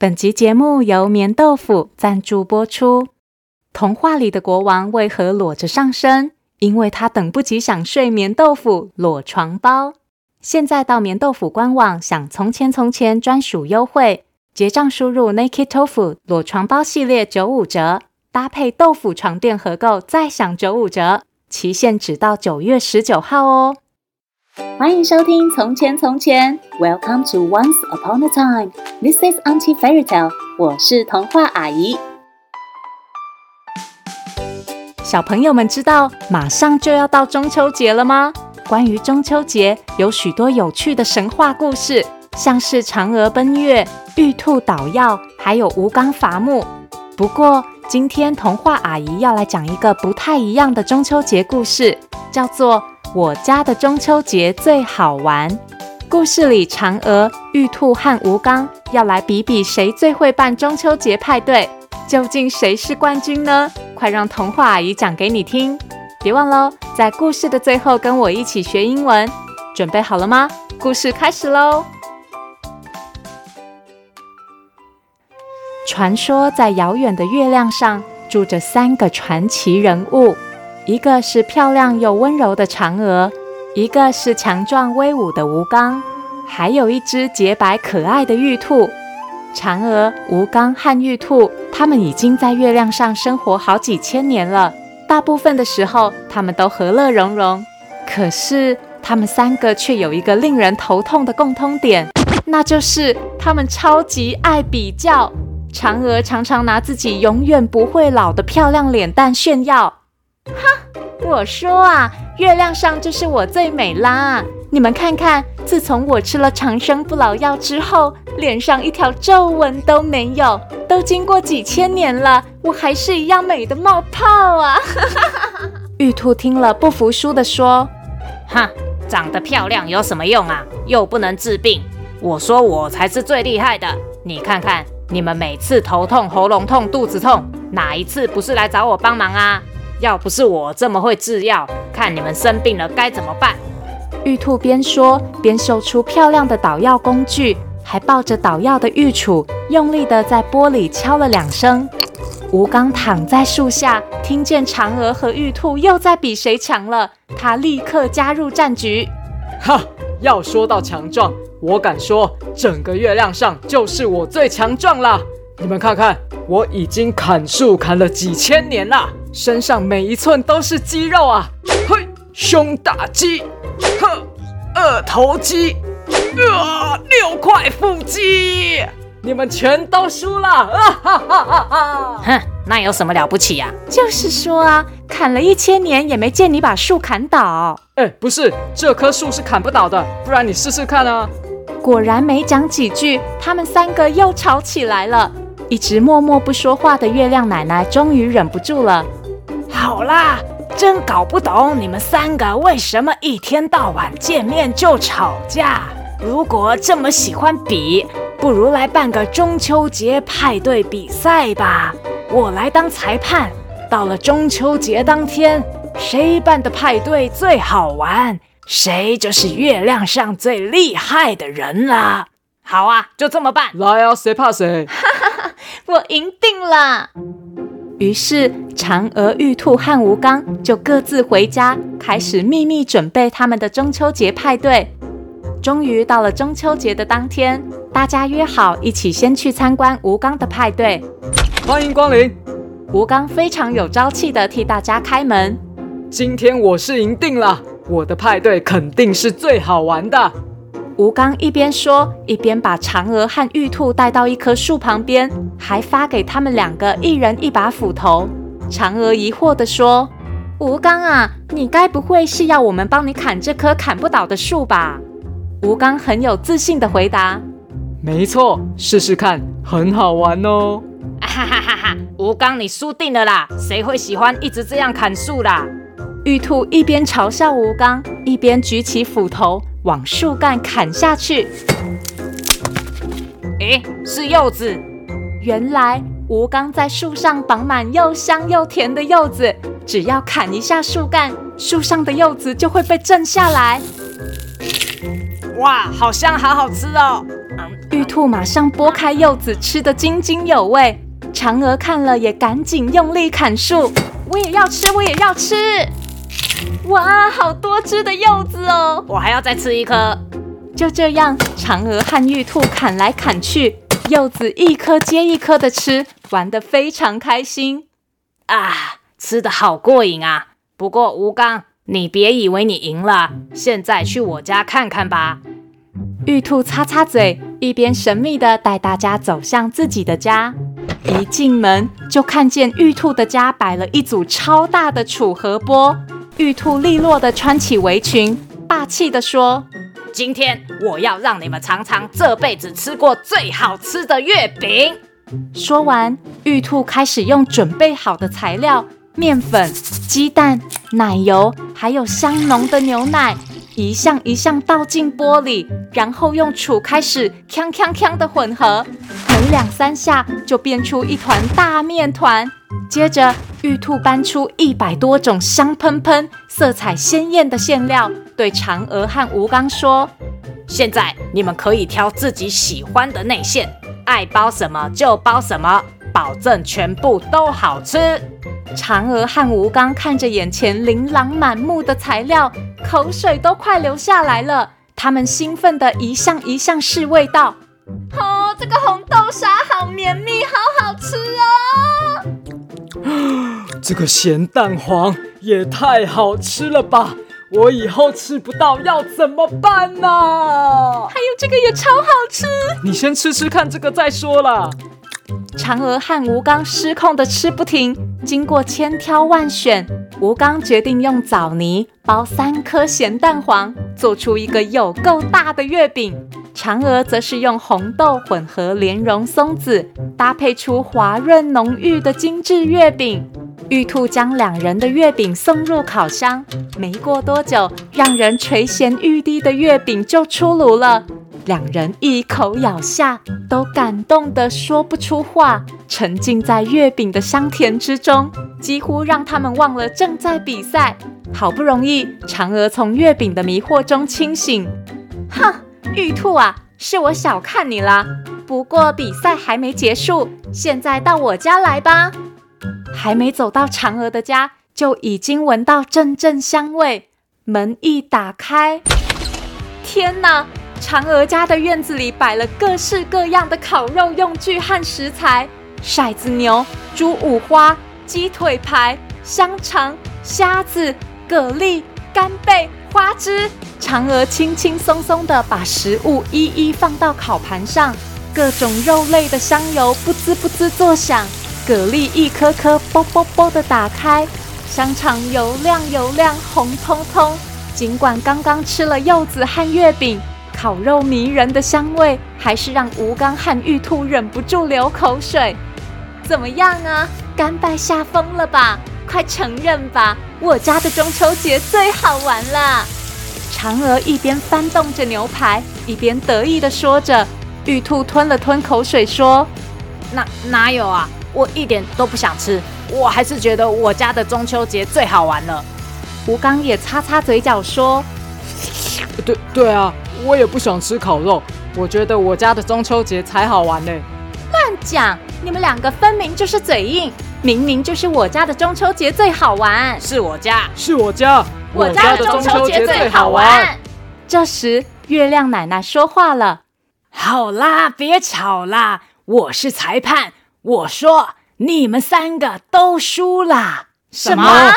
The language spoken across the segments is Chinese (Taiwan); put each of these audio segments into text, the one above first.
本集節目由眠豆腐贊助播出。童話裡的國王，為何裸着上身？因為他等不及想睡眠豆腐裸床包。現在到眠豆腐官網享“想從前從前”專屬優惠，結賬輸入 “naked tofu” 裸床包系列，九五折，搭配豆腐床墊合購再享九五折，期限，只到九月十九號哦。歡迎收聽《從前從前》，Welcome to Once Upon a Time。This is Auntie Fairy Tale。我是童話阿姨。小朋友們知道馬上就要到中秋節了嗎？關於中秋節有許多有趣的神話故事，像是嫦娥奔月、玉兔搗藥，還有吳剛伐木。不過，今天童話阿姨要來講一個不太一樣的中秋節故事，叫做。我家的中秋節最好玩。故事裡，嫦娥、玉兔和吳剛要來比比誰最會辦中秋節派對，究竟誰是冠軍呢？快讓童話阿姨講給你聽。別忘嘍，在故事的最後跟我一起學英文。準備好了嗎？故事開始嘍！傳說在遙遠的月亮上住着三個傳奇人物。一個是漂亮又溫柔的嫦娥，一個是強壯威武的吳剛，還有一只潔白可愛的玉兔。嫦娥、吳剛和玉兔，他們已經在月亮上生活好幾千年了。大部分的時候，他們都和樂融融。可是，他們三個卻有一個令人頭痛的共通點，那就是他們超級愛比較。嫦娥常常拿自己永遠不會老的漂亮臉蛋炫耀。哈，我說啊，月亮上就是我最美啦！你們看看，自從我吃了長生不老藥之後，臉上一條皺紋都沒有，都經過幾千年了，我還是一樣美得冒泡啊！ 玉兔聽了不服輸地說：“哈，長得漂亮有什麼用啊？又不能治病。我說我才是最厲害的，你看看，你們每次頭痛、喉嚨痛、肚子痛，哪一次不是來找我幫忙啊？”要不是我這麼會製藥，看你們生病了該怎麼辦？玉兔邊說邊秀出漂亮的搗藥工具，還抱着搗藥的玉杵，用力地在玻璃敲了兩聲。吳剛躺在樹下，聽見嫦娥和玉兔又在比誰強了，他立刻加入戰局。哈，要說到強壯，我敢說，整個月亮上就是我最強壯啦！你們看看，我已經砍樹砍了幾千年了，身上每一寸都是肌肉啊！嘿，胸大肌，呵，二頭肌，啊、呃，六塊腹肌，你們全都輸了！哈、啊、哈哈哈哈！哼，那有什麼了不起呀，啊？就是說啊，砍了一千年也沒見你把樹砍倒。哎，不是，這棵樹是砍不倒的，不然你試試看啊！果然沒講幾句，他們三個又吵起來了。一直默默不說話的月亮奶奶終於忍不住了。好啦，真搞不懂你們三個為什麼一天到晚見面就吵架。如果這麼喜歡比，不如來辦個中秋節派對比賽吧。我來當裁判。到了中秋節當天，誰辦的派對最好玩，誰就是月亮上最厲害的人啦。好啊，就這麼辦。來啊，誰怕誰？ 我贏定了！於是嫦娥、玉兔和吳剛就各自回家，開始秘密準備他們的中秋節派對。終於到了中秋節的當天，大家約好一起先去參觀吳剛的派對。歡迎光臨！吳剛非常有朝氣的替大家開門。今天我是贏定了，我的派對肯定是最好玩的。吳剛一邊說，一邊把嫦娥和玉兔帶到一棵樹旁邊，還發給他們兩個一人一把斧頭。嫦娥疑惑地說：“吳剛啊，你該不會是要我們幫你砍這棵砍不倒的樹吧？”吳剛很有自信地回答：“沒錯，試試看，很好玩哦。”哈哈哈哈！吳剛你輸定了啦！誰會喜歡一直這樣砍樹啦？玉兔一邊嘲笑吳剛，一邊舉起斧頭。往樹幹砍下去，誒、欸，是柚子！原來吳剛在樹上綁滿又香又甜的柚子，只要砍一下樹幹，樹上的柚子就會被震下來。哇，好香，好好吃哦！玉兔馬上剝開柚子，吃得津津有味。嫦娥看了也趕緊用力砍樹，我也要吃，我也要吃。哇，好多汁的柚子哦！我還要再吃一顆。就這樣，嫦娥和玉兔砍來砍去，柚子一顆接一顆的吃，玩得非常開心啊！吃得好過癮啊！不過吳剛，你別以為你贏了，現在去我家看看吧。玉兔擦擦擦嘴，一邊神秘地帶大家走向自己的家。一進門就看見玉兔的家擺了一組超大的楚河波。玉兔利落地穿起圍裙，霸氣地說：“今天我要讓你們嚐嚐這輩子吃過最好吃的月餅。”說完，玉兔開始用準備好的材料——麵粉、雞蛋、奶油，還有香濃的牛奶，一項一項倒進鍋裡，然後用杵開始鏘鏘鏘地混合，每兩三下就變出一團大麵團。接着，玉兔搬出一百多種香噴噴、色彩鮮豔的餡料，對嫦娥和吳剛說：“現在你們可以挑自己喜歡的內餡，愛包什麼就包什麼，保證全部都好吃。”嫦娥和吳剛看着眼前琳琅滿目的材料，口水都快流下來了。他們興奮的一項一項試味道，哦，這個紅豆沙好綿密，好，好。這個鹹蛋黃也太好吃了吧！我以後吃不到要怎麼辦呢？還有這個也超好吃。你先吃吃看這個再說啦。嫦娥和吳剛失控的吃不停，經過千挑萬選，吳剛決定用棗泥包三顆鹹蛋黃，做出一個有夠大的月餅。嫦娥則是用紅豆混合蓮蓉松子，搭配出滑潤濃郁的精緻月餅。玉兔將兩人的月餅送入烤箱，沒過多久，讓人垂涎欲滴的月餅就出爐了。兩人一口咬下，都感動得說不出話，沉浸在月餅的香甜之中，幾乎讓他們忘了正在比賽。好不容易，嫦娥從月餅的迷惑中清醒。哼，玉兔啊，是我小看你啦。不過比賽還沒結束，現在到我家來吧。還沒走到嫦娥的家，就已經聞到陣陣香味。門一打開，天哪！嫦娥家的院子裡擺了各式各樣的烤肉用具和食材：骰子牛、豬五花、雞腿排、香腸、蝦子、蛤蜊、干貝、花枝。嫦娥輕輕鬆鬆地把食物一一放到烤盤上，各種肉類的香油噗滋噗滋作響。蛤蜊一顆顆顆，啵啵啵地打開，香腸油亮油亮，紅彤彤。儘管剛剛吃了柚子和月餅，烤肉迷人的香味還是讓吳剛和玉兔忍不住流口水。怎麼樣啊？甘拜下風了吧？快承認吧！我家的中秋節最好玩了。嫦娥一邊翻動着牛排，一邊得意地說着。玉兔吞了吞口水，說：“哪哪有啊？”我一點都不想吃，我還是覺得我家的中秋節最好玩了。吳剛也擦擦嘴角說：“對對啊，我也不想吃烤肉，我覺得我家的中秋節才好玩呢。”亂講！你們兩個分明就是嘴硬，明明就是我家的中秋節最好玩。是我家，是我家，我家的中秋節最好玩。好玩。這時，月亮奶奶說話了：“好啦，別吵啦，我是裁判。”我說，你們三個都輸了。什麼？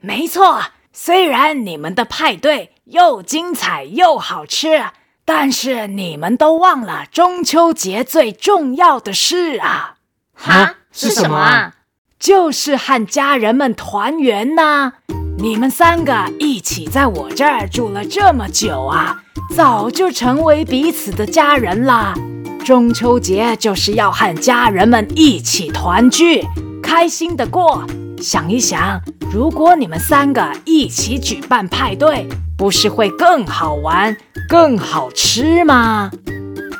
沒錯，雖然你們的派對又精彩又好吃，但是你們都忘了中秋節最重要的事啊！哈，是什麼？就是和家人們團圓呢啊。你們三個一起在我這兒住了這麼久啊。早就成為彼此的家人啦。中秋節就是要和家人們一起團聚，開心的過。想一想，如果你們三個一起舉辦派對，不是會更好玩、更好吃嗎？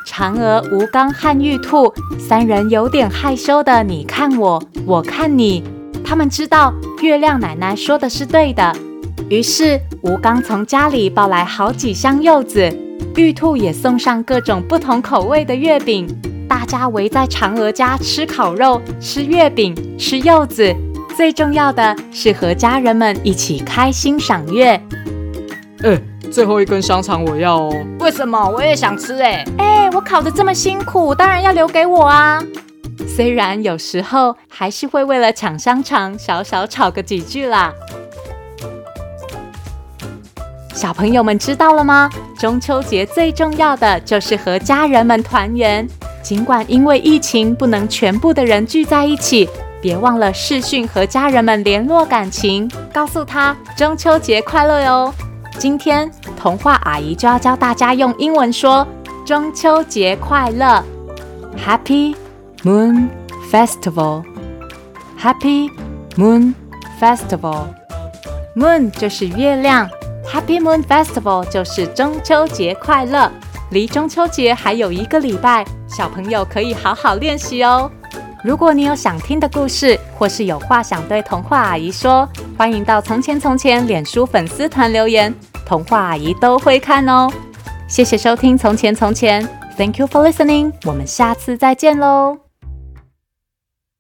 嫦娥、吳剛和玉兔三人有點害羞的，你看我，我看你。他們知道月亮奶奶說的是對的。於是吳剛從家裡抱來好幾箱柚子，玉兔也送上各種不同口味的月餅。大家圍在嫦娥家吃烤肉、吃月餅、吃柚子，最重要的是和家人們一起開心賞月。哎、欸，最後一根香腸我要哦！為什麼？我也想吃欸！哎、欸、哎，我烤得這麼辛苦，當然要留給我啊！雖然有時候還是會為了搶香腸，小小吵個幾句啦。小朋友們知道了嗎？中秋節最重要的就是和家人們團圓。儘管因為疫情不能全部的人聚在一起，別忘了視訊和家人們聯絡感情，告訴他中秋節快樂喲。今天童話阿姨就要教大家用英文說“中秋節快樂 ”，Happy Moon Festival，Happy Moon Festival，Moon 就是月亮。Happy Moon Festival 就是中秋節快樂，離中秋節還有一個禮拜，小朋友可以好好練習哦。如果你有想聽的故事，或是有話想對童話阿姨說，歡迎到從前從前臉書粉絲團留言，童話阿姨都會看哦。謝謝收聽從前從前，Thank you for listening，我們下次再見嘍。